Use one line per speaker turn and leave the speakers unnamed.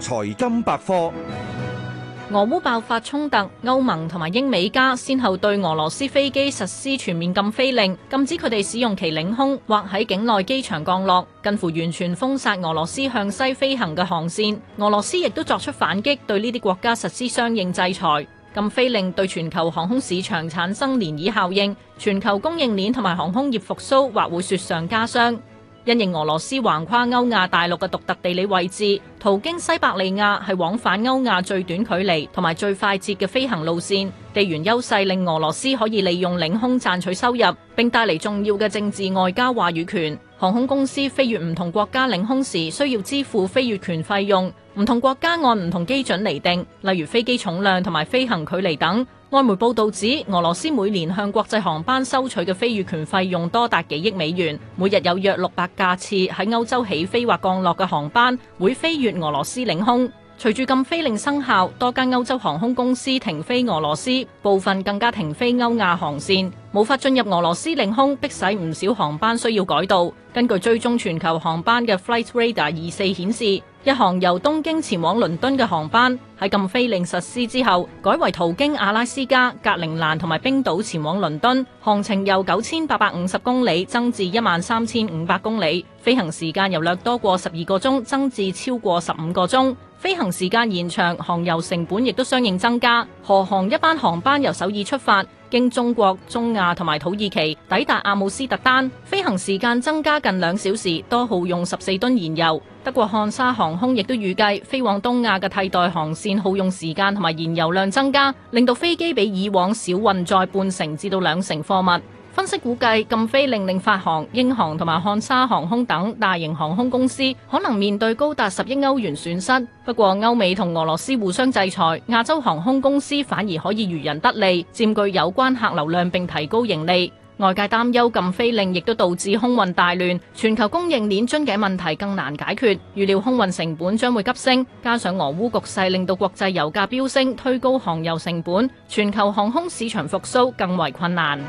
財金百科。俄烏爆發衝突，歐盟同埋英美加先後對俄羅斯飛機實施全面禁飛令，禁止佢哋使用其領空或喺境內機場降落，近乎完全封殺俄羅斯向西飛行嘅航線。俄羅斯亦都作出反擊，對呢啲國家實施相應制裁。禁飛令對全球航空市場產生漣漪效應，全球供應鏈同埋航空業復蘇或會雪上加霜。因應俄羅斯橫跨歐亞大陸嘅獨特地理位置，途經西伯利亞係往返歐亞最短距離同埋最快捷嘅飛行路線，地緣優勢令俄羅斯可以利用領空賺取收入，並帶嚟重要嘅政治外交話語權。航空公司飛越唔同國家領空時，需要支付飛越權費用。唔同國家按唔同基準釐定，例如飛機重量同埋飛行距離等。外媒報導指，俄羅斯每年向國際航班收取嘅飛越權費用多達幾億美元。每日有約六百架次喺歐洲起飛或降落嘅航班會飛越俄羅斯領空。隨住禁飛令生效，多間歐洲航空公司停飛俄羅斯，部分更加停飛歐亞航線。冇法進入俄羅斯領空，迫使唔少航班需要改道。根據追蹤全球航班嘅 Flight Radar 二四顯示，一航由東京前往倫敦嘅航班喺禁飛令實施之後，改為途經阿拉斯加、格陵蘭同埋冰島前往倫敦，航程由九千八百五十公里增至一萬三千五百公里，飛行時間由略多過十二個鐘增至超過十五個鐘。飛行時間延長，航油成本亦都相應增加。何航一班航班由首爾出發，經中國、中亞同埋土耳其抵達阿姆斯特丹，飛行時間增加近兩小時，多耗用十四噸燃油。德國漢莎航空亦都預計，飛往東亞嘅替代航線耗用時間同埋燃油量增加，令到飛機比以往少運載半成至到兩成貨物。分析估計，禁飛令令法航、英航同埋漢莎航空等大型航空公司可能面對高達十億歐元損失。不過，歐美同俄羅斯互相制裁，亞洲航空公司反而可以漁人得利，佔據有關客流量並提高盈利。外界擔憂禁飛令亦都導致空運大亂，全球供應鏈樽頸問題更難解決。預料空運成本將會急升，加上俄烏局勢令到國際油價飆升，推高航油成本，全球航空市場復甦更為困難。